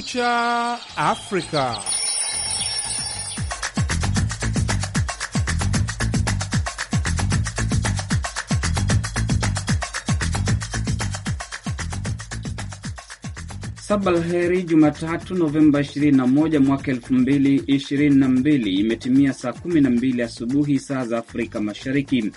Kumekucha Afrika. Sabalheri, Jumatatu Novemba 21 mwaka 2022, imetimia saa 12 asubuhi saa za Afrika Mashariki.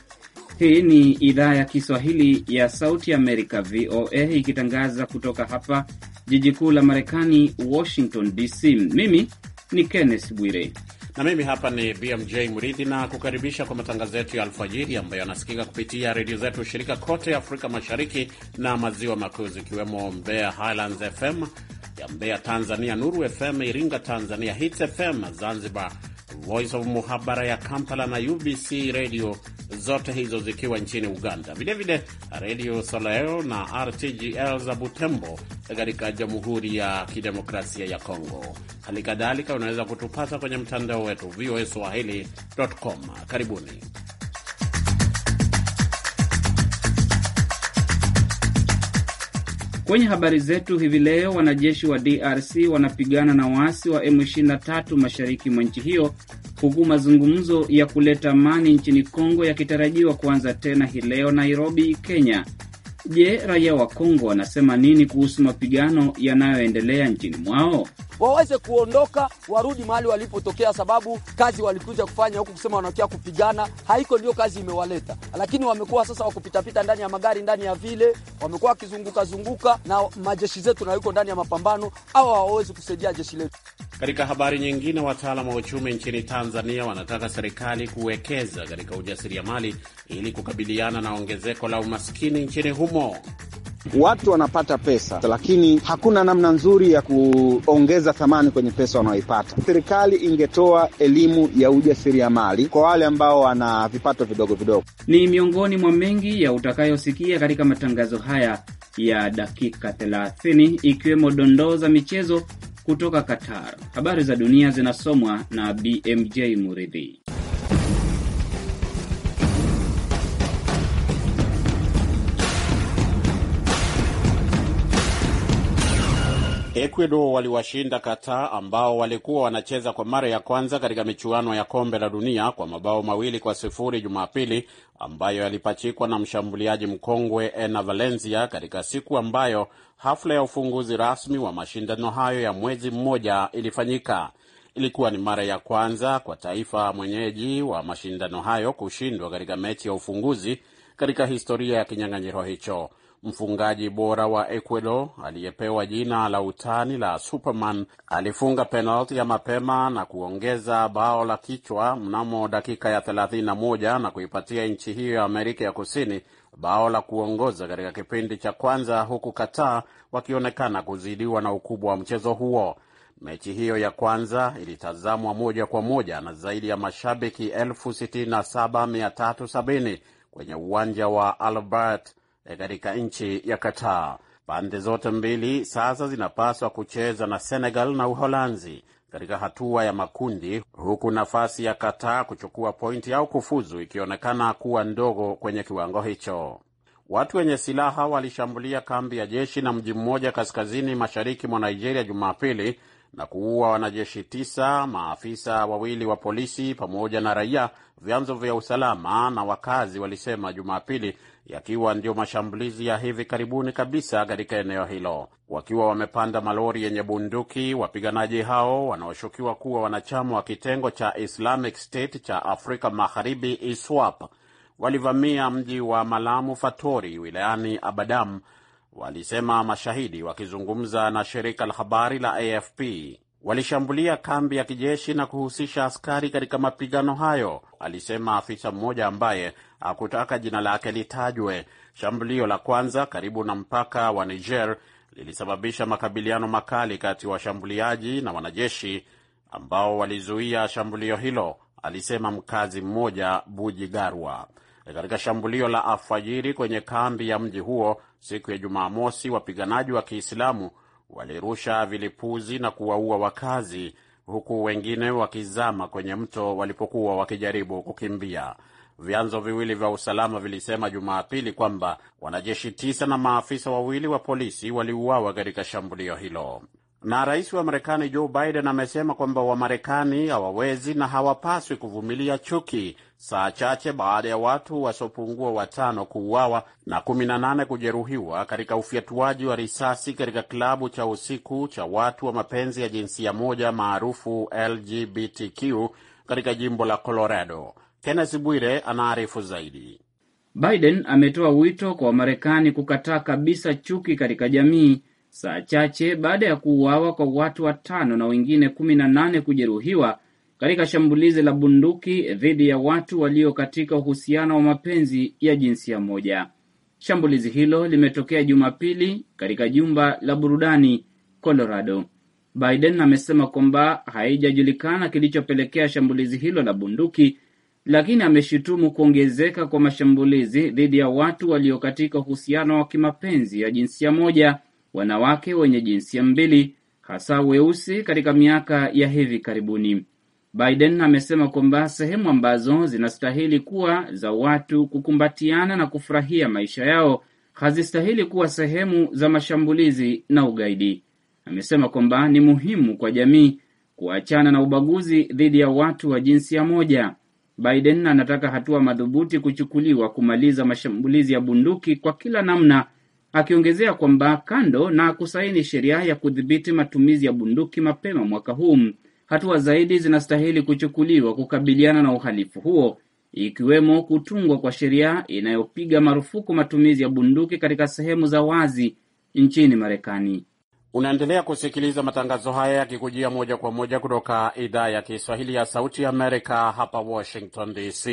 Hii ni idhaa ya Kiswahili ya Sauti Amerika, VOA, ikitangaza kutoka hapa jiji kuu la Marekani, Washington DC. Mimi ni Kenneth Bwire na mimi hapa ni BMJ Mridhi na kukaribisha kwa matangazo yetu ya alfajiri ambayo yanasikika kupitia redio zetu shirika kote Afrika Mashariki na Maziwa Makuu, zikiwemo Mbeya Highlands FM ya Mbeya Tanzania, Nuru FM Iringa Tanzania, Hits FM Zanzibar, Voice of Muhabara ya Kampala na UBC Radio zote hizo zikiwa nchini Uganda, vilevile Redio Soleo na RTGL za Butembo katika Jamhuri ya Kidemokrasia ya Kongo. Hali kadhalika unaweza kutupata kwenye mtandao wetu VOA swahili.com. Karibuni. Kwenye habari zetu hivi leo, wanajeshi wa DRC wanapigana na waasi wa M23 mashariki mwa nchi hiyo huku mazungumzo ya kuleta amani nchini Kongo yakitarajiwa kuanza tena hii leo Nairobi, Kenya. Je, raia wa Kongo wanasema nini kuhusu mapigano yanayoendelea nchini mwao? waweze kuondoka warudi mahali walipotokea, sababu kazi walikuja kufanya huku, kusema wanakia kupigana haiko ndio kazi imewaleta, lakini wamekuwa sasa wakupitapita ndani ya magari, ndani ya vile wamekuwa wakizungukazunguka na majeshi zetu, na yuko ndani ya mapambano au hawawezi kusaidia jeshi letu. Katika habari nyingine, wataalam wa uchumi nchini Tanzania wanataka serikali kuwekeza katika ujasiriamali ili kukabiliana na ongezeko la umaskini nchini humo watu wanapata pesa, lakini hakuna namna nzuri ya kuongeza thamani kwenye pesa wanaoipata. Serikali ingetoa elimu ya ujasiriamali kwa wale ambao wana vipato vidogo vidogo. Ni miongoni mwa mengi ya utakayosikia katika matangazo haya ya dakika 30 ikiwemo dondoo za michezo kutoka Qatar. Habari za dunia zinasomwa na BMJ Muridhi. Ecuador waliwashinda Qatar ambao walikuwa wanacheza kwa mara ya kwanza katika michuano ya kombe la dunia kwa mabao mawili kwa sifuri Jumapili, ambayo yalipachikwa na mshambuliaji mkongwe Ena Valencia katika siku ambayo hafla ya ufunguzi rasmi wa mashindano hayo ya mwezi mmoja ilifanyika. Ilikuwa ni mara ya kwanza kwa taifa mwenyeji wa mashindano hayo kushindwa katika mechi ya ufunguzi katika historia ya kinyang'anyiro hicho. Mfungaji bora wa Ecuador aliyepewa jina la utani la Superman alifunga penalti ya mapema na kuongeza bao la kichwa mnamo dakika ya 31 na kuipatia nchi hiyo ya Amerika ya Kusini bao la kuongoza katika kipindi cha kwanza, huku qatar wakionekana kuzidiwa na ukubwa wa mchezo huo. Mechi hiyo ya kwanza ilitazamwa moja kwa moja na zaidi ya mashabiki elfu sitini kwenye uwanja wa Albert E, katika nchi ya Qatar. Pande zote mbili sasa zinapaswa kucheza na Senegal na Uholanzi katika hatua ya makundi, huku nafasi ya Qatar kuchukua pointi au kufuzu ikionekana kuwa ndogo kwenye kiwango hicho. Watu wenye silaha walishambulia kambi ya jeshi na mji mmoja kaskazini mashariki mwa Nigeria Jumapili na kuua wanajeshi tisa, maafisa wawili wa polisi pamoja na raia, vyanzo vya usalama na wakazi walisema Jumapili, yakiwa ndio mashambulizi ya hivi karibuni kabisa katika eneo hilo. Wakiwa wamepanda malori yenye bunduki, wapiganaji hao wanaoshukiwa kuwa wanachama wa kitengo cha Islamic State cha Afrika Magharibi ISWAP walivamia mji wa Malamu Fatori wilayani Abadam walisema mashahidi wakizungumza na shirika la habari la AFP. Walishambulia kambi ya kijeshi na kuhusisha askari katika mapigano hayo, alisema afisa mmoja ambaye hakutaka jina lake litajwe. Shambulio la kwanza karibu na mpaka wa Niger lilisababisha makabiliano makali kati ya washambuliaji na wanajeshi ambao walizuia shambulio hilo, alisema mkazi mmoja Bujigarwa. Katika shambulio la alfajiri kwenye kambi ya mji huo siku ya Jumamosi, wapiganaji wa Kiislamu walirusha vilipuzi na kuwaua wakazi, huku wengine wakizama kwenye mto walipokuwa wakijaribu kukimbia. Vyanzo viwili vya usalama vilisema Jumapili kwamba wanajeshi tisa na maafisa wawili wa polisi waliuawa katika shambulio hilo. Na rais wa Marekani Joe Biden amesema kwamba Wamarekani hawawezi na hawapaswi kuvumilia chuki, saa chache baada ya watu wasiopungua watano kuuawa na 18 kujeruhiwa katika ufyatuaji wa risasi katika klabu cha usiku cha watu wa mapenzi ya jinsia moja maarufu LGBTQ katika jimbo la Colorado. Kenneth Bwire anaarifu zaidi. Biden ametoa wito kwa Wamarekani kukataa kabisa chuki katika jamii saa chache baada ya kuuawa kwa watu watano na wengine kumi na nane kujeruhiwa katika shambulizi la bunduki dhidi ya watu walio katika uhusiano wa mapenzi ya jinsia moja. Shambulizi hilo limetokea Jumapili katika jumba la burudani Colorado. Biden amesema kwamba haijajulikana kilichopelekea shambulizi hilo la bunduki, lakini ameshutumu kuongezeka kwa mashambulizi dhidi ya watu walio katika uhusiano wa kimapenzi ya jinsia moja wanawake wenye jinsia mbili, hasa weusi katika miaka ya hivi karibuni. Biden amesema kwamba sehemu ambazo zinastahili kuwa za watu kukumbatiana na kufurahia maisha yao hazistahili kuwa sehemu za mashambulizi na ugaidi. Amesema kwamba ni muhimu kwa jamii kuachana na ubaguzi dhidi ya watu wa jinsia moja. Biden anataka hatua madhubuti kuchukuliwa kumaliza mashambulizi ya bunduki kwa kila namna akiongezea kwamba kando na kusaini sheria ya kudhibiti matumizi ya bunduki mapema mwaka huu, hatua zaidi zinastahili kuchukuliwa kukabiliana na uhalifu huo, ikiwemo kutungwa kwa sheria inayopiga marufuku matumizi ya bunduki katika sehemu za wazi nchini Marekani. Unaendelea kusikiliza matangazo haya yakikujia moja kwa moja kutoka idhaa ya Kiswahili ya Sauti ya Amerika, hapa Washington DC.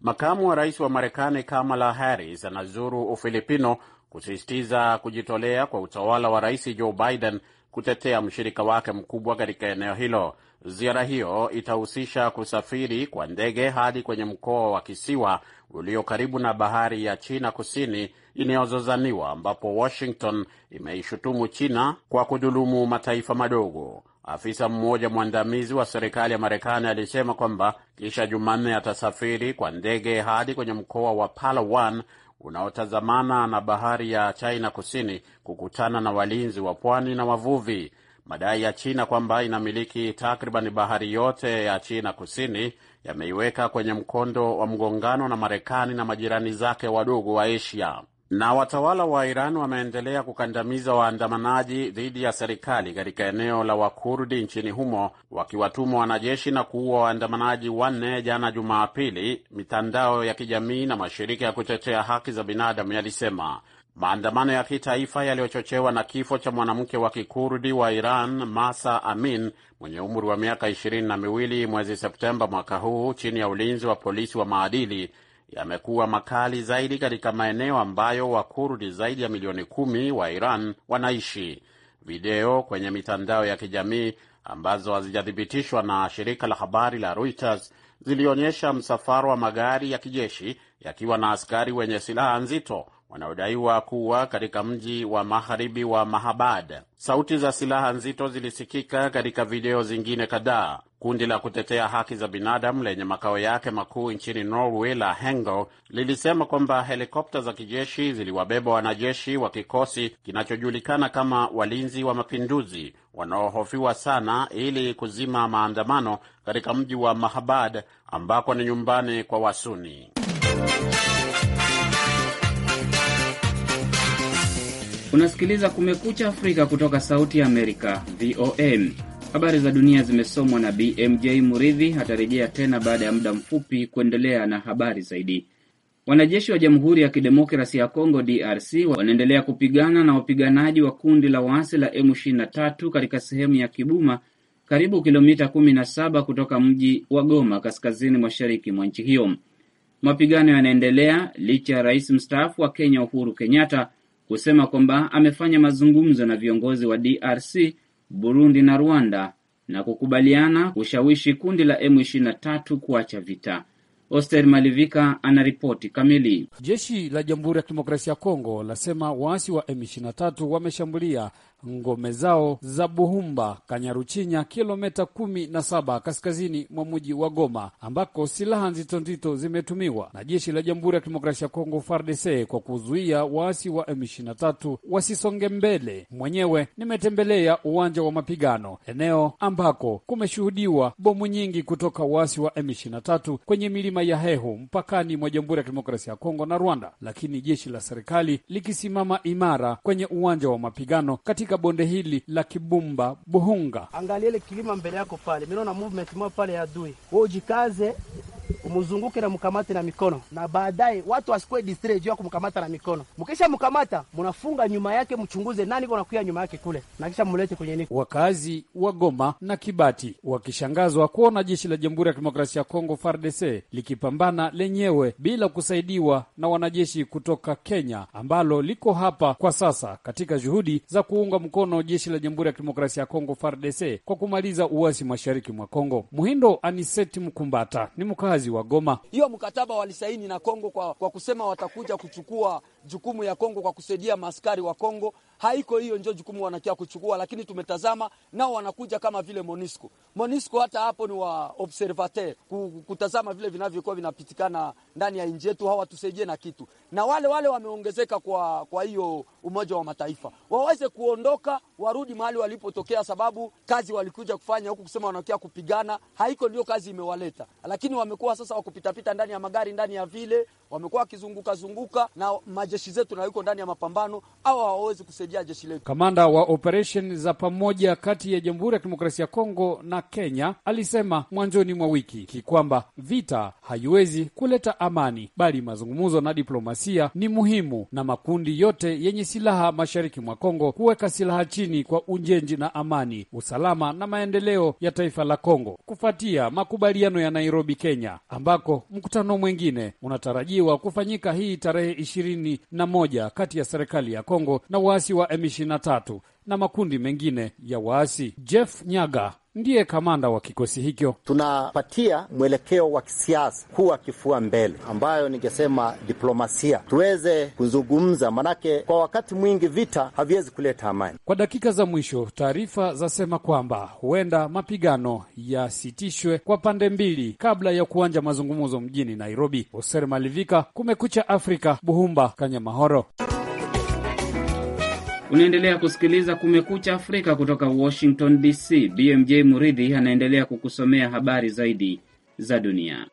Makamu wa rais wa Marekani Kamala Harris anazuru Ufilipino kusisitiza kujitolea kwa utawala wa Rais Joe Biden kutetea mshirika wake mkubwa katika eneo hilo. Ziara hiyo itahusisha kusafiri kwa ndege hadi kwenye mkoa wa kisiwa ulio karibu na bahari ya China kusini inayozozaniwa, ambapo Washington imeishutumu China kwa kudhulumu mataifa madogo. Afisa mmoja mwandamizi wa serikali ya Marekani alisema kwamba kisha Jumanne atasafiri kwa ndege hadi kwenye mkoa wa Palawan unaotazamana na bahari ya China kusini kukutana na walinzi wa pwani na wavuvi. Madai ya China kwamba inamiliki takriban bahari yote ya China kusini yameiweka kwenye mkondo wa mgongano na Marekani na majirani zake wadogo wa Asia. Na watawala wa Iran wameendelea kukandamiza waandamanaji dhidi ya serikali katika eneo la Wakurdi nchini humo, wakiwatuma wanajeshi na kuua waandamanaji wanne jana Jumapili, mitandao ya kijamii na mashirika ya kutetea haki za binadamu yalisema. Maandamano ya kitaifa yaliyochochewa na kifo cha mwanamke wa kikurdi wa Iran, Masa Amin, mwenye umri wa miaka ishirini na miwili, mwezi Septemba mwaka huu, chini ya ulinzi wa polisi wa maadili yamekuwa makali zaidi katika maeneo ambayo Wakurdi zaidi ya milioni kumi wa Iran wanaishi. Video kwenye mitandao ya kijamii ambazo hazijathibitishwa na shirika la habari la Reuters zilionyesha msafara wa magari ya kijeshi yakiwa na askari wenye silaha nzito wanaodaiwa kuwa katika mji wa magharibi wa Mahabad. Sauti za silaha nzito zilisikika katika video zingine kadhaa. Kundi la kutetea haki za binadamu lenye makao yake makuu nchini Norway la Hengo lilisema kwamba helikopta za kijeshi ziliwabeba wanajeshi wa kikosi kinachojulikana kama walinzi wa mapinduzi wanaohofiwa sana ili kuzima maandamano katika mji wa Mahabad ambako ni nyumbani kwa Wasuni. Unasikiliza Kumekucha Afrika kutoka Sauti ya Amerika, VOA. Habari za dunia zimesomwa na BMJ Muridhi. Atarejea tena baada ya muda mfupi kuendelea na habari zaidi. Wanajeshi wa Jamhuri ya Kidemokrasi ya Kongo, DRC, wanaendelea kupigana na wapiganaji wa kundi la waasi la M23 katika sehemu ya Kibuma, karibu kilomita 17 kutoka mji wa Goma, kaskazini mashariki mwa nchi hiyo. Mapigano yanaendelea licha ya rais mstaafu wa Kenya Uhuru Kenyatta kusema kwamba amefanya mazungumzo na viongozi wa DRC, Burundi na Rwanda na kukubaliana kushawishi kundi la M23 kuacha vita. Oster Malivika anaripoti kamili. Jeshi la Jamhuri ya Kidemokrasia ya Kongo lasema waasi wa M23 wameshambulia ngome zao za Buhumba Kanyaruchinya, kilomita kumi na saba kaskazini mwa mji wa Goma, ambako silaha nzito nzito zimetumiwa na jeshi la Jamhuri ya Kidemokrasia ya Kongo FARDC kwa kuzuia waasi wa M23 wasisonge mbele. Mwenyewe nimetembelea uwanja wa mapigano, eneo ambako kumeshuhudiwa bomu nyingi kutoka waasi wa M23 kwenye milima ya Hehu mpakani mwa Jamhuri ya Kidemokrasia ya Kongo na Rwanda, lakini jeshi la serikali likisimama imara kwenye uwanja wa mapigano katika katika bonde hili la Kibumba Buhunga. Angalia ile kilima mbele yako pale, mimi naona movement moja pale ya adui. Wewe ujikaze muzunguke na mkamate na mikono, na baadaye watu wasikuwe distre juu ya kumkamata na mikono. Mkisha mkamata, mnafunga nyuma yake, mchunguze nani nakuya nyuma yake kule, na kisha mlete kwenye niko. Wakazi wa Goma na Kibati wakishangazwa kuona jeshi la Jamhuri ya Kidemokrasia ya Kongo FARDC likipambana lenyewe bila kusaidiwa na wanajeshi kutoka Kenya ambalo liko hapa kwa sasa katika juhudi za kuunga mkono jeshi la Jamhuri ya Kidemokrasia ya Kongo FARDC kwa kumaliza uasi mashariki mwa Kongo. Muhindo Aniseti Mkumbata ni mkazi wa wa Goma. Hiyo mkataba walisaini na Kongo kwa, kwa kusema watakuja kuchukua jukumu ya Kongo kwa kusaidia maskari wa Kongo haiko hiyo, ndio jukumu wanakia kuchukua, lakini tumetazama nao wanakuja kama vile Monisco. Monisco hata hapo ni wa observateur kutazama vile vinavyokuwa vinapitikana ndani ya nchi yetu, hawatusaidie na kitu, na wale wale wameongezeka kwa kwa hiyo Umoja wa Mataifa waweze kuondoka warudi mahali walipotokea, sababu kazi walikuja kufanya huku, kusema wanakia kupigana haiko ndio kazi imewaleta, lakini wamekuwa sasa wakupitapita ndani ya magari ndani ya vile, wamekuwa wakizunguka zunguka na jeshi zetu na yuko ndani ya mapambano au hawawezi kusaidia jeshi letu. Kamanda wa operesheni za pamoja kati ya Jamhuri ya Kidemokrasia ya Kongo na Kenya alisema mwanzoni mwa wiki kwamba vita haiwezi kuleta amani, bali mazungumzo na diplomasia ni muhimu, na makundi yote yenye silaha mashariki mwa Kongo kuweka silaha chini kwa unjenji na amani, usalama na maendeleo ya taifa la Kongo, kufuatia makubaliano ya Nairobi, Kenya, ambako mkutano mwingine unatarajiwa kufanyika hii tarehe ishirini na moja kati ya serikali ya Kongo na waasi wa M23 na makundi mengine ya waasi. Jeff Nyaga ndiye kamanda wa kikosi hicho. Tunapatia mwelekeo wa kisiasa kuwa kifua mbele, ambayo ningesema diplomasia, tuweze kuzungumza, manake kwa wakati mwingi vita haviwezi kuleta amani. Kwa dakika za mwisho, taarifa zasema kwamba huenda mapigano yasitishwe kwa pande mbili kabla ya kuanja mazungumzo mjini Nairobi. Hoser Malivika, Kumekucha Afrika, Buhumba, Kanyamahoro. Unaendelea kusikiliza Kumekucha Afrika kutoka Washington DC. BMJ Muridhi anaendelea kukusomea habari zaidi za dunia.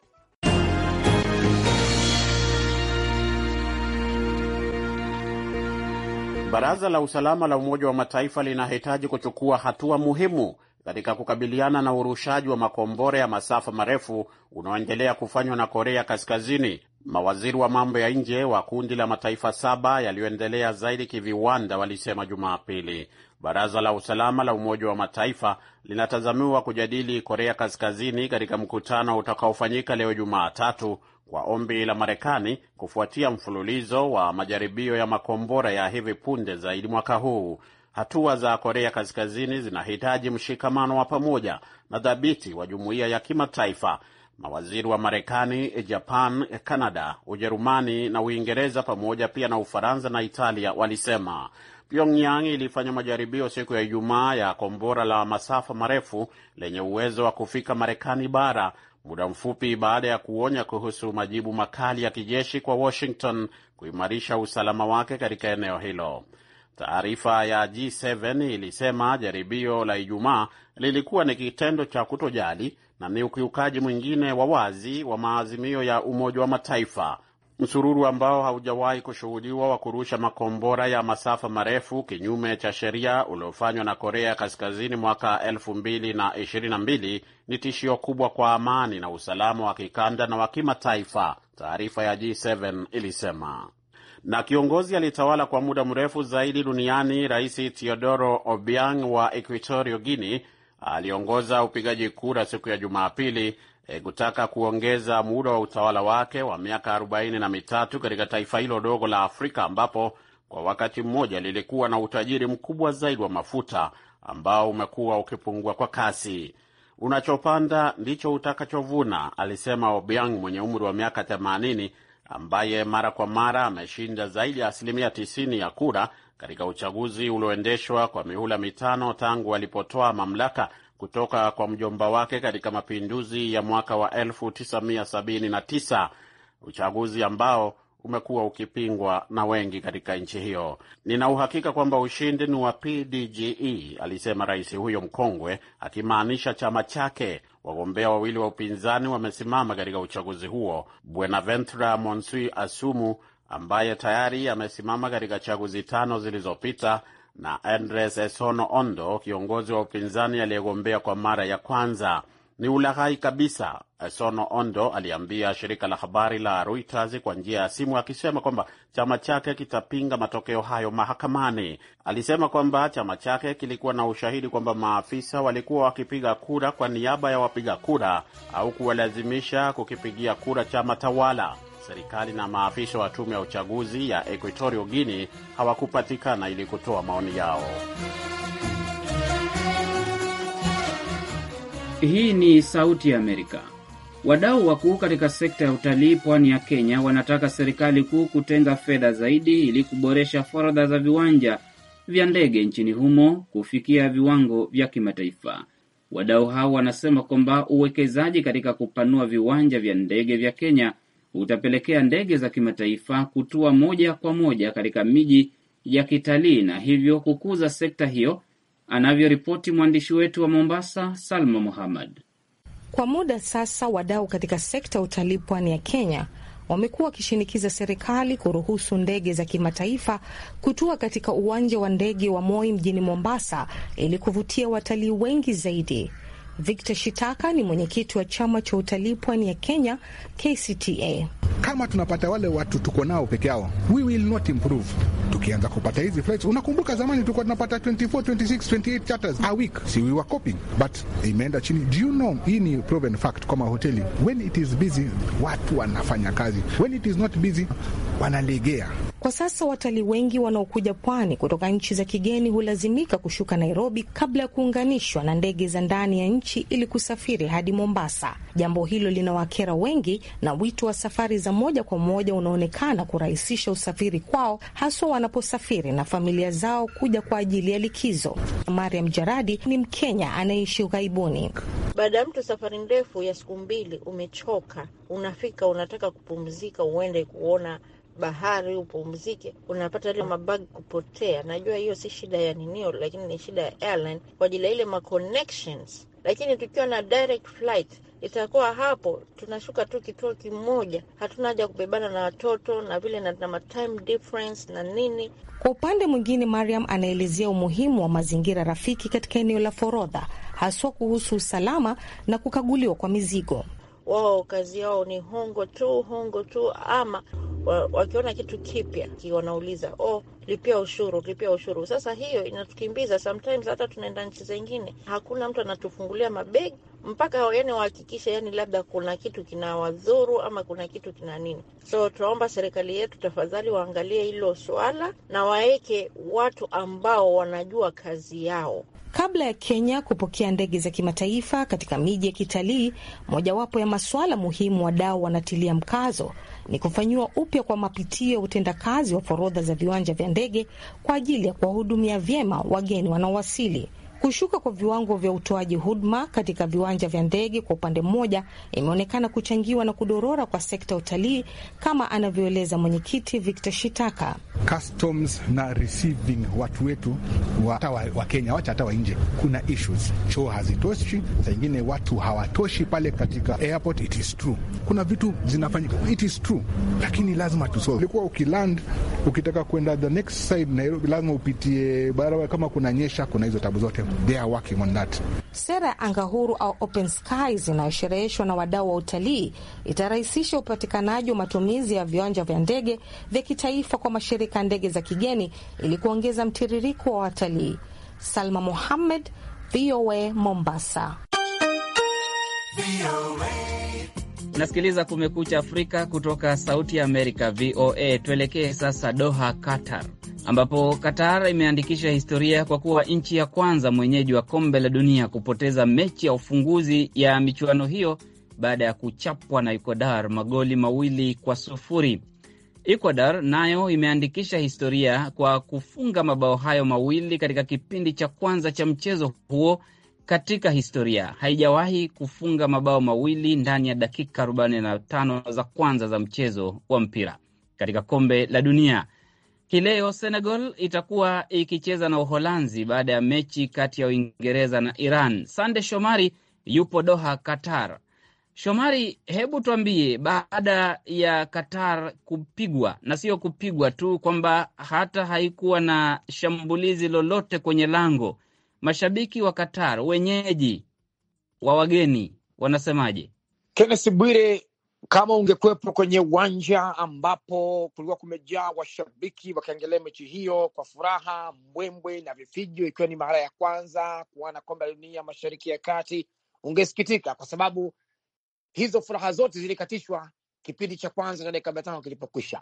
Baraza la Usalama la Umoja wa Mataifa linahitaji kuchukua hatua muhimu katika kukabiliana na urushaji wa makombora ya masafa marefu unaoendelea kufanywa na Korea Kaskazini Mawaziri wa mambo ya nje wa kundi la mataifa saba yaliyoendelea zaidi kiviwanda walisema Jumapili. Baraza la usalama la Umoja wa Mataifa linatazamiwa kujadili Korea Kaskazini katika mkutano utakaofanyika leo Jumatatu kwa ombi la Marekani kufuatia mfululizo wa majaribio ya makombora ya hivi punde zaidi mwaka huu. Hatua za Korea Kaskazini zinahitaji mshikamano wa pamoja na dhabiti wa jumuiya ya kimataifa Mawaziri wa Marekani, Japan, Kanada, Ujerumani na Uingereza pamoja pia na Ufaransa na Italia walisema Pyongyang ilifanya majaribio siku ya Ijumaa ya kombora la masafa marefu lenye uwezo wa kufika Marekani bara muda mfupi baada ya kuonya kuhusu majibu makali ya kijeshi kwa Washington kuimarisha usalama wake katika eneo hilo. Taarifa ya G7 ilisema jaribio la Ijumaa lilikuwa ni kitendo cha kutojali na ni ukiukaji mwingine wa wazi wa maazimio ya Umoja wa Mataifa. Msururu ambao haujawahi kushuhudiwa wa kurusha makombora ya masafa marefu kinyume cha sheria uliofanywa na Korea Kaskazini mwaka 2022 ni tishio kubwa kwa amani na usalama wa kikanda na wa kimataifa, taarifa ya G7 ilisema. Na kiongozi alitawala kwa muda mrefu zaidi duniani, Rais Teodoro Obiang wa Equatorio Guinea aliongoza upigaji kura siku ya Jumapili e, kutaka kuongeza muda wa utawala wake wa miaka arobaini na mitatu katika taifa hilo dogo la Afrika ambapo kwa wakati mmoja lilikuwa na utajiri mkubwa zaidi wa mafuta ambao umekuwa ukipungua kwa kasi. Unachopanda ndicho utakachovuna, alisema Obiang mwenye umri wa miaka 80 ambaye mara kwa mara ameshinda zaidi ya asilimia 90 ya kura katika uchaguzi ulioendeshwa kwa mihula mitano tangu alipotoa mamlaka kutoka kwa mjomba wake katika mapinduzi ya mwaka wa 1979, uchaguzi ambao umekuwa ukipingwa na wengi katika nchi hiyo. Nina uhakika kwamba ushindi ni wa PDGE, alisema rais huyo mkongwe, akimaanisha chama chake. Wagombea wawili wa upinzani wamesimama katika uchaguzi huo, Buenaventura Monsui Asumu ambaye tayari amesimama katika chaguzi tano zilizopita, na Andres Esono Ondo, kiongozi wa upinzani aliyegombea kwa mara ya kwanza. Ni ulaghai kabisa, Esono Ondo aliambia shirika la habari la Reuters kwa njia ya simu, akisema kwamba chama chake kitapinga matokeo hayo mahakamani. Alisema kwamba chama chake kilikuwa na ushahidi kwamba maafisa walikuwa wakipiga kura kwa niaba ya wapiga kura au kuwalazimisha kukipigia kura chama tawala serikali na maafisa wa tume ya uchaguzi ya Equatorial Guinea hawakupatikana ili kutoa maoni yao. Hii ni Sauti ya Amerika. Wadau wakuu katika sekta ya utalii pwani ya Kenya wanataka serikali kuu kutenga fedha zaidi ili kuboresha forodha za viwanja vya ndege nchini humo kufikia viwango vya kimataifa. Wadau hao wanasema kwamba uwekezaji katika kupanua viwanja vya ndege vya Kenya utapelekea ndege za kimataifa kutua moja kwa moja katika miji ya kitalii na hivyo kukuza sekta hiyo, anavyoripoti mwandishi wetu wa Mombasa, Salma Muhammad. Kwa muda sasa, wadau katika sekta ya utalii pwani ya Kenya wamekuwa wakishinikiza serikali kuruhusu ndege za kimataifa kutua katika uwanja wa ndege wa Moi mjini Mombasa ili kuvutia watalii wengi zaidi. Victor Shitaka ni mwenyekiti wa chama cha utalii pwani ya Kenya, KCTA. Kama tunapata wale watu tuko nao peke yao, we will not improve. Tukianza kupata hizi flights, unakumbuka zamani tulikuwa tunapata 24, 26, 28 charters a week, si we were coping, but imeenda chini. Do you know, hii ni proven fact kwa mahoteli, when it is busy watu wanafanya kazi, when it is not busy wanalegea. Kwa sasa watalii wengi wanaokuja pwani kutoka nchi za kigeni hulazimika kushuka Nairobi kabla ya kuunganishwa na ndege za ndani ya nchi ili kusafiri hadi Mombasa. Jambo hilo linawakera wengi, na wito wa safari za moja kwa moja unaonekana kurahisisha usafiri kwao, haswa wanaposafiri na familia zao kuja kwa ajili ya likizo. Mariam Jaradi ni Mkenya anayeishi ughaibuni. Baada ya mtu safari ndefu ya siku mbili, umechoka, unafika unataka kupumzika, uende kuona bahari upumzike, unapata ile mabag kupotea. Najua hiyo si shida ya ninio, lakini ni shida ya airline kwa ajili ya ile ma connections lakini tukiwa na direct flight itakuwa hapo, tunashuka tu kituo kimoja, hatuna haja kubebana na watoto na vile na, na time difference na nini. Kwa upande mwingine, Mariam anaelezea umuhimu wa mazingira rafiki katika eneo la forodha, haswa kuhusu usalama na kukaguliwa kwa mizigo. Wao kazi yao ni hongo tu hongo tu, ama wakiona kitu kipya wanauliza oh, lipia ushuru, lipia ushuru. Sasa hiyo inatukimbiza sometimes, hata tunaenda nchi zingine hakuna mtu anatufungulia mabegi mpaka yani wahakikishe yani labda kuna kitu kinawadhuru ama kuna kitu kina nini. So tunaomba serikali yetu tafadhali waangalie hilo swala na waweke watu ambao wanajua kazi yao. Kabla ya Kenya kupokea ndege za kimataifa katika miji ya kitalii, mojawapo ya masuala muhimu wadau wanatilia mkazo ni kufanyiwa upya kwa mapitio ya utendakazi wa forodha za viwanja vya ndege kwa ajili ya kuwahudumia vyema wageni wanaowasili. Kushuka kwa viwango vya utoaji huduma katika viwanja vya ndege kwa upande mmoja, imeonekana kuchangiwa na kudorora kwa sekta ya utalii, kama anavyoeleza mwenyekiti Victor Shitaka. Customs na receiving watu wetu hata wa, wa Kenya wacha hata wa nje, kuna issues, choo hazitoshi, saa ingine watu hawatoshi pale katika airport, it is true. Kuna vitu zinafanyika, it is true, lakini lazima tusolve. ukiland ukitaka kwenda the next side Nairobi, lazima upitie barabara, kama kuna nyesha, kuna hizo tabu zote they are working on that. Sera ya anga huru au open skies inayoshereheshwa na wadau wa utalii itarahisisha upatikanaji wa matumizi ya viwanja vya ndege vya kitaifa kwa mashirika ya ndege za kigeni ili kuongeza mtiririko wa watalii. Salma muhammed VOA Mombasa. VOA. Nasikiliza Kumekucha Afrika kutoka Sauti ya Amerika, VOA. Tuelekee sasa Doha, Qatar, ambapo Qatar imeandikisha historia kwa kuwa nchi ya kwanza mwenyeji wa kombe la dunia kupoteza mechi ya ufunguzi ya michuano hiyo baada ya kuchapwa na Ecuador magoli mawili kwa sufuri. Ecuador nayo imeandikisha historia kwa kufunga mabao hayo mawili katika kipindi cha kwanza cha mchezo huo katika historia haijawahi kufunga mabao mawili ndani ya dakika 45 za kwanza za mchezo wa mpira katika kombe la dunia. Hii leo Senegal itakuwa ikicheza na Uholanzi baada ya mechi kati ya Uingereza na Iran. Sande Shomari yupo Doha, Qatar. Shomari, hebu tuambie, baada ya Qatar kupigwa na sio kupigwa tu, kwamba hata haikuwa na shambulizi lolote kwenye lango mashabiki wa Qatar, wenyeji wa wageni, wanasemaje? Kenneth Bwire, kama ungekuwepo kwenye uwanja ambapo kulikuwa kumejaa washabiki wakiangalia mechi hiyo kwa furaha, mbwembwe na vifijo, ikiwa ni mara ya kwanza kuana kombe la dunia mashariki ya kati, ungesikitika kwa sababu hizo furaha zote zilikatishwa kipindi cha kwanza na dakika mia tano kilipokwisha.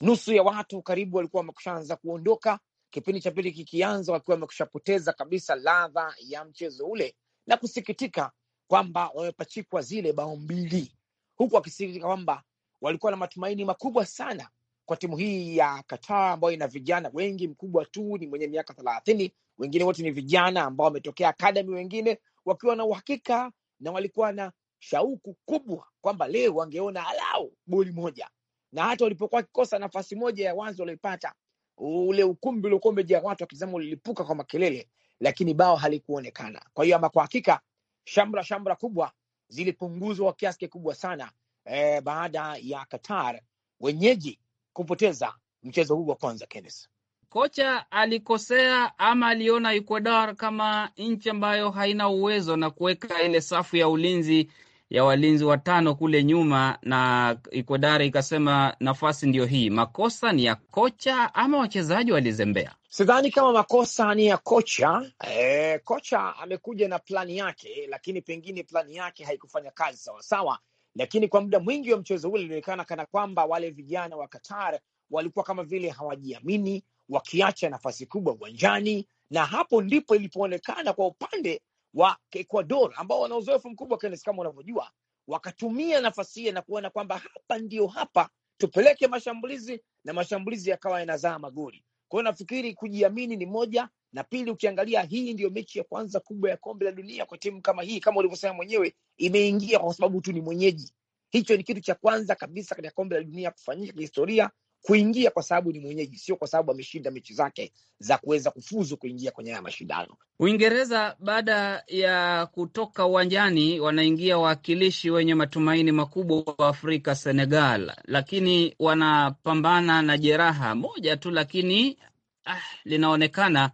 Nusu ya watu karibu walikuwa wamekushaanza kuondoka, kipindi cha pili kikianza, wakiwa wamekushapoteza kabisa ladha ya mchezo ule na kusikitika kwamba wamepachikwa zile bao mbili, huku wakisikitika kwamba walikuwa na matumaini makubwa sana kwa timu hii ya Qatar ambayo ina vijana wengi, mkubwa tu ni mwenye miaka thelathini, wengine wote ni vijana ambao wametokea akademi, wengine wakiwa na uhakika na walikuwa na shauku kubwa kwamba leo wangeona alau goli moja, na hata walipokuwa wakikosa nafasi moja ya wanzo walioipata ule ukumbi uliokuwa umejaa watu wakizama ulilipuka kwa makelele, lakini bao halikuonekana. Kwa hiyo ama kwa hakika shamra shamra kubwa zilipunguzwa kwa kiasi kikubwa sana e, baada ya Qatar wenyeji kupoteza mchezo huu wa kwanza. Kenneth, kocha alikosea ama aliona Ecuador kama nchi ambayo haina uwezo na kuweka ile safu ya ulinzi ya walinzi watano kule nyuma, na Ikodare ikasema nafasi ndiyo hii. Makosa ni ya kocha ama wachezaji walizembea? Sidhani kama makosa ni ya kocha. E, kocha amekuja na plani yake, lakini pengine plani yake haikufanya kazi sawasawa. Lakini kwa muda mwingi wa mchezo ule ilionekana kana kwamba wale vijana wa Qatar walikuwa kama vile hawajiamini, wakiacha nafasi kubwa uwanjani, na hapo ndipo ilipoonekana kwa upande wa Ecuador ambao wana uzoefu mkubwa Kenes, kama unavyojua, wakatumia nafasi hiyo na kuona kwamba hapa ndio hapa tupeleke mashambulizi na mashambulizi yakawa yanazaa magoli. Kwa hiyo nafikiri kujiamini ni moja, na pili, ukiangalia hii ndio mechi ya kwanza kubwa ya kombe la dunia kwa timu kama hii, kama ulivyosema mwenyewe, imeingia kwa sababu tu ni mwenyeji. Hicho ni kitu cha kwanza kabisa katika kombe la dunia kufanyika kihistoria, kuingia kwa sababu ni mwenyeji, sio kwa sababu ameshinda mechi zake za kuweza kufuzu kuingia kwenye haya mashindano. Uingereza baada ya kutoka uwanjani, wanaingia wawakilishi wenye matumaini makubwa wa Afrika, Senegal, lakini wanapambana na jeraha moja tu, lakini ah, linaonekana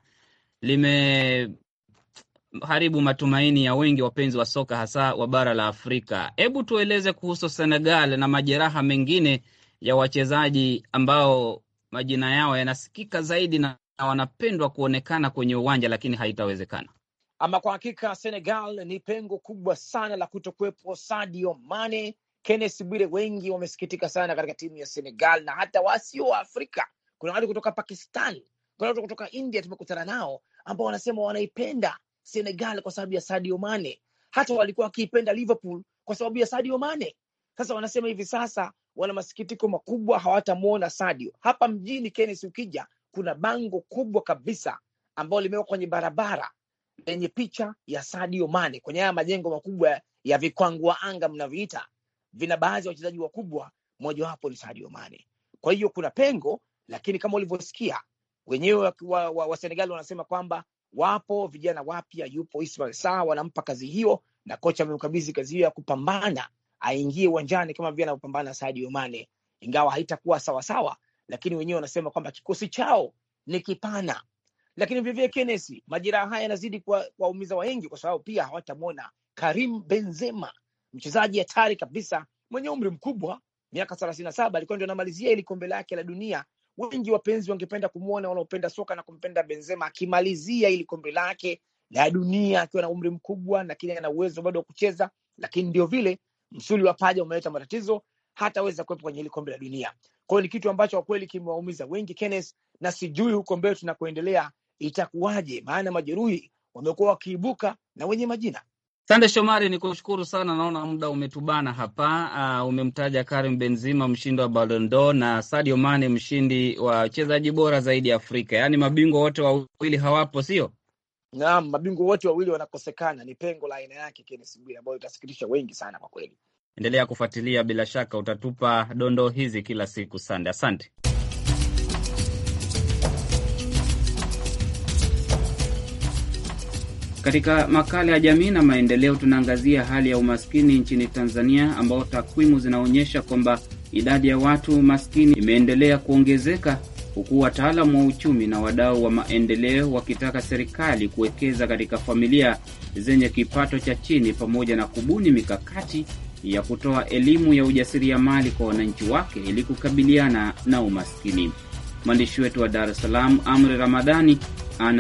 limeharibu matumaini ya wengi wapenzi wa soka hasa wa bara la Afrika. Hebu tueleze kuhusu Senegal na majeraha mengine ya wachezaji ambao majina yao yanasikika zaidi na wanapendwa kuonekana kwenye uwanja, lakini haitawezekana. Ama kwa hakika Senegal ni pengo kubwa sana la kutokuwepo Sadio Mane. Kennes Bwire, wengi wamesikitika sana katika timu ya Senegal na hata wasio wa Afrika. Kuna watu kutoka Pakistan, kuna watu kutoka India tumekutana nao ambao wanasema wanaipenda Senegal kwa sababu ya Sadio Mane. Hata walikuwa wakiipenda Liverpool kwa sababu ya Sadio Mane. Sasa wanasema hivi sasa wana masikitiko makubwa hawatamwona Sadio. Hapa mjini Kenes ukija, kuna bango kubwa kabisa ambalo limewekwa kwenye barabara lenye picha ya Sadio Mane kwenye haya majengo makubwa ya vikwangua anga mnavyoita, vina baadhi ya wachezaji wakubwa, mojawapo ni Sadio Mane. Kwa hiyo kuna pengo, lakini kama ulivyosikia wenyewe wa, wa, wa, wa Senegali wanasema kwamba wapo vijana wapya, yupo Ismail Sarr, wanampa kazi hiyo na kocha amemkabidhi kazi hiyo ya kupambana aingie uwanjani kama vile anavyopambana na Sadio Mane, ingawa haitakuwa sawasawa, lakini wenyewe wanasema kwamba kikosi chao ni kipana, lakini vilevile Kenesi, majeraha haya yanazidi kuwaumiza wengi, kwa sababu pia hawatamwona Karim Benzema, mchezaji hatari kabisa mwenye umri mkubwa, miaka thelathini na saba, alikuwa ndio anamalizia ili kombe lake la dunia. Wengi wapenzi wangependa kumwona, wanaopenda soka na kumpenda Benzema akimalizia ili kombe lake la dunia akiwa na umri mkubwa, lakini ana uwezo bado wa kucheza, lakini ndio vile msuli wa paja umeleta matatizo, hataweza kuwepo kwenye hili kombe la dunia. Kwa hiyo ni kitu ambacho kwa kweli kimewaumiza wengi Kenneth, na sijui huko mbele tunakoendelea itakuwaje, maana majeruhi wamekuwa wakiibuka na wenye majina. Sande Shomari, ni kushukuru sana. Naona muda umetubana hapa. Uh, umemtaja Karim benzima mshindi wa Ballon d'Or na Sadio Mane mshindi wa mchezaji bora zaidi ya Afrika, yaani mabingwa wote wawili hawapo, sio? Naam, mabingwa wote wawili wanakosekana, ni pengo la aina yake Kenneth Bwire, ambayo itasikitisha wengi sana kwa kweli. Endelea kufuatilia, bila shaka utatupa dondoo hizi kila siku Sande. Asante. Katika makala ya jamii na maendeleo, tunaangazia hali ya umaskini nchini Tanzania, ambao takwimu zinaonyesha kwamba idadi ya watu maskini imeendelea kuongezeka huku wataalamu wa uchumi na wadau wa maendeleo wakitaka serikali kuwekeza katika familia zenye kipato cha chini pamoja na kubuni mikakati ya kutoa elimu ya ujasiriamali kwa wananchi wake ili kukabiliana na umaskini. Mwandishi wetu wa Dar es Salaam, Amri Ramadhani,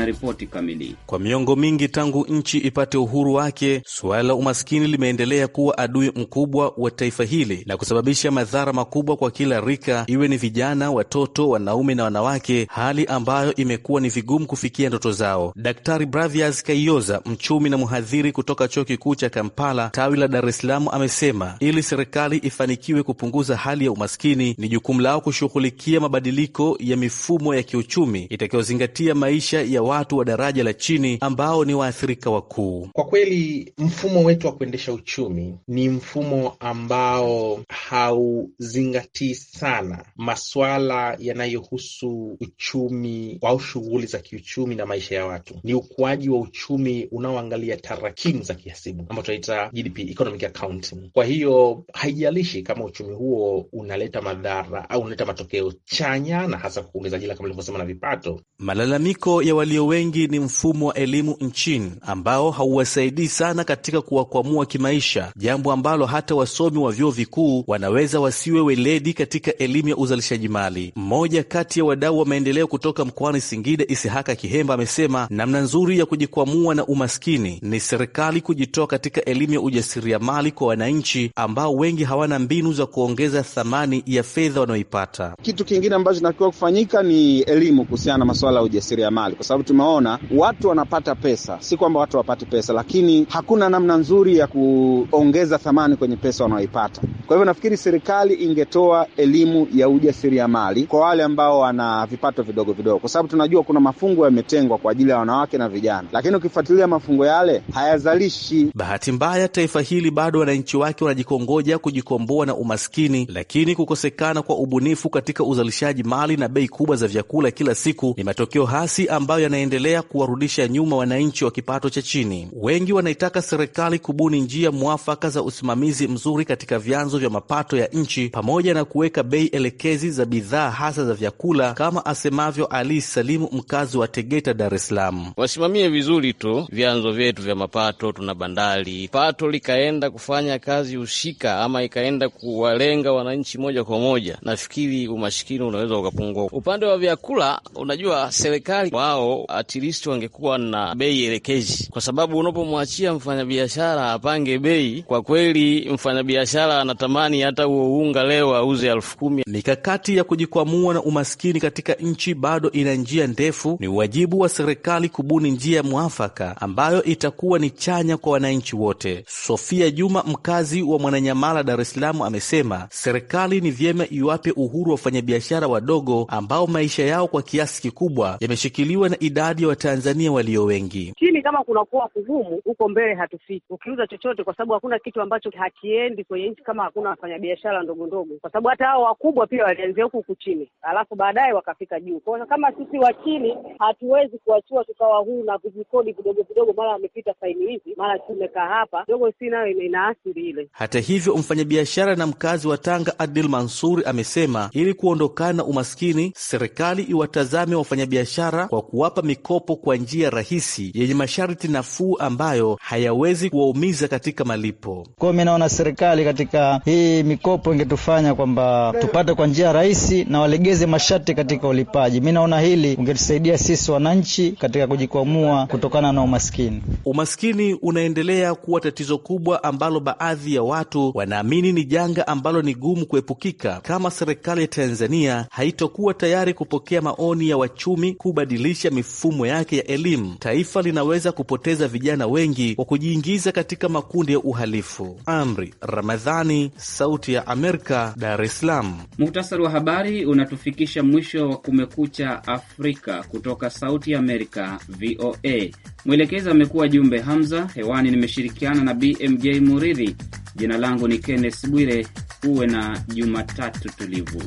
ripoti kamili. Kwa miongo mingi tangu nchi ipate uhuru wake, suala la umaskini limeendelea kuwa adui mkubwa wa taifa hili na kusababisha madhara makubwa kwa kila rika, iwe ni vijana, watoto, wanaume na wanawake, hali ambayo imekuwa ni vigumu kufikia ndoto zao. Daktari Bravias Kaioza, mchumi na mhadhiri kutoka chuo kikuu cha Kampala tawi la Dar es Salaam, amesema ili serikali ifanikiwe kupunguza hali ya umaskini, ni jukumu lao kushughulikia mabadiliko ya mifumo ya kiuchumi itakayozingatia maisha ya watu wa daraja la chini ambao ni waathirika wakuu. Kwa kweli, mfumo wetu wa kuendesha uchumi ni mfumo ambao hauzingatii sana maswala yanayohusu uchumi au shughuli za kiuchumi na maisha ya watu. Ni ukuaji wa uchumi unaoangalia tarakimu za kiasibu ambao tunaita GDP, economic accounting. Kwa hiyo haijalishi kama uchumi huo unaleta madhara au unaleta matokeo chanya na hasa kuongeza ajira kama ilivyosema na vipato. malalamiko ya ya walio wengi ni mfumo wa elimu nchini ambao hauwasaidii sana katika kuwakwamua kimaisha, jambo ambalo hata wasomi wa vyuo vikuu wanaweza wasiwe weledi katika elimu ya uzalishaji mali. Mmoja kati ya wadau wa maendeleo kutoka mkoani Singida, Isihaka Kihemba, amesema namna nzuri ya kujikwamua na umaskini ni serikali kujitoa katika elimu ya ujasiriamali kwa wananchi ambao wengi hawana mbinu za kuongeza thamani ya fedha wanaoipata. Kitu kingine ambacho kinakiwa kufanyika ni elimu kuhusiana na masuala ya ujasiriamali kwa sababu tumeona watu wanapata pesa, si kwamba watu wapate pesa, lakini hakuna namna nzuri ya kuongeza thamani kwenye pesa wanaoipata. Kwa hivyo nafikiri serikali ingetoa elimu ya ujasiriamali kwa wale ambao wana vipato vidogo vidogo, kwa sababu tunajua kuna mafungo yametengwa kwa ajili ya wanawake na vijana, lakini ukifuatilia mafungo yale hayazalishi. Bahati mbaya, taifa hili bado wananchi wake wanajikongoja kujikomboa na umaskini, lakini kukosekana kwa ubunifu katika uzalishaji mali na bei kubwa za vyakula kila siku ni matokeo hasi amba ambayo yanaendelea kuwarudisha nyuma wananchi wa kipato cha chini. Wengi wanaitaka serikali kubuni njia mwafaka za usimamizi mzuri katika vyanzo vya mapato ya nchi pamoja na kuweka bei elekezi za bidhaa hasa za vyakula, kama asemavyo Ali Salimu, mkazi wa Tegeta, Dar es Salaam. Wasimamie vizuri tu vyanzo vyetu vya mapato. Tuna bandari, pato likaenda kufanya kazi husika ama ikaenda kuwalenga wananchi moja kwa moja, nafikiri umasikini unaweza ukapungua. Upande wa vyakula, unajua serikali wao wao atilisti wangekuwa na bei elekezi, kwa sababu unapomwachia mfanyabiashara apange bei, kwa kweli mfanyabiashara anatamani hata huo unga leo auze elfu kumi. Mikakati ya kujikwamua na umaskini katika nchi bado ina njia ndefu. Ni wajibu wa serikali kubuni njia ya mwafaka ambayo itakuwa ni chanya kwa wananchi wote. Sofia Juma, mkazi wa Mwananyamala, Dar es Salaam, amesema serikali ni vyema iwape uhuru wa wafanyabiashara wadogo ambao maisha yao kwa kiasi kikubwa yameshikiliwa na idadi ya wa Watanzania walio wengi chini. Kama kunakuwa kugumu huko mbele, hatufiki ukiuza chochote, kwa sababu hakuna kitu ambacho hakiendi kwenye nchi kama hakuna wafanyabiashara ndogo ndogo, kwa sababu hata hao wakubwa pia walianzia huku huku chini, alafu baadaye wakafika juu. Kwa kama sisi wa chini hatuwezi kuachua tukawa huu na vijikodi vidogo vidogo, mara amepita faini hizi, mara tumekaa hapa dogo, si nayo ina inaathiri ile. Hata hivyo, mfanyabiashara na mkazi wa Tanga Adil Mansuri amesema ili kuondokana umaskini, serikali iwatazame wafanyabiashara kwa kuwa kuwapa mikopo kwa njia rahisi yenye masharti nafuu ambayo hayawezi kuwaumiza katika malipo. Kwa hiyo mi naona serikali katika hii mikopo ingetufanya kwamba tupate kwa njia rahisi na walegeze masharti katika ulipaji. Mi naona hili ungetusaidia sisi wananchi katika kujikwamua kutokana na umaskini. Umaskini unaendelea kuwa tatizo kubwa ambalo baadhi ya watu wanaamini ni janga ambalo ni gumu kuepukika kama serikali ya Tanzania haitokuwa tayari kupokea maoni ya wachumi kubadilisha mifumo yake ya elimu, taifa linaweza kupoteza vijana wengi kwa kujiingiza katika makundi ya uhalifu. Amri Ramadhani, Sauti ya Amerika, Dar es Salaam. Muhtasari wa habari unatufikisha mwisho wa Kumekucha Afrika kutoka Sauti ya Amerika, VOA. Mwelekezi amekuwa Jumbe Hamza. Hewani nimeshirikiana na BMJ Muridhi. Jina langu ni Kenneth Bwire. Uwe na Jumatatu tulivu.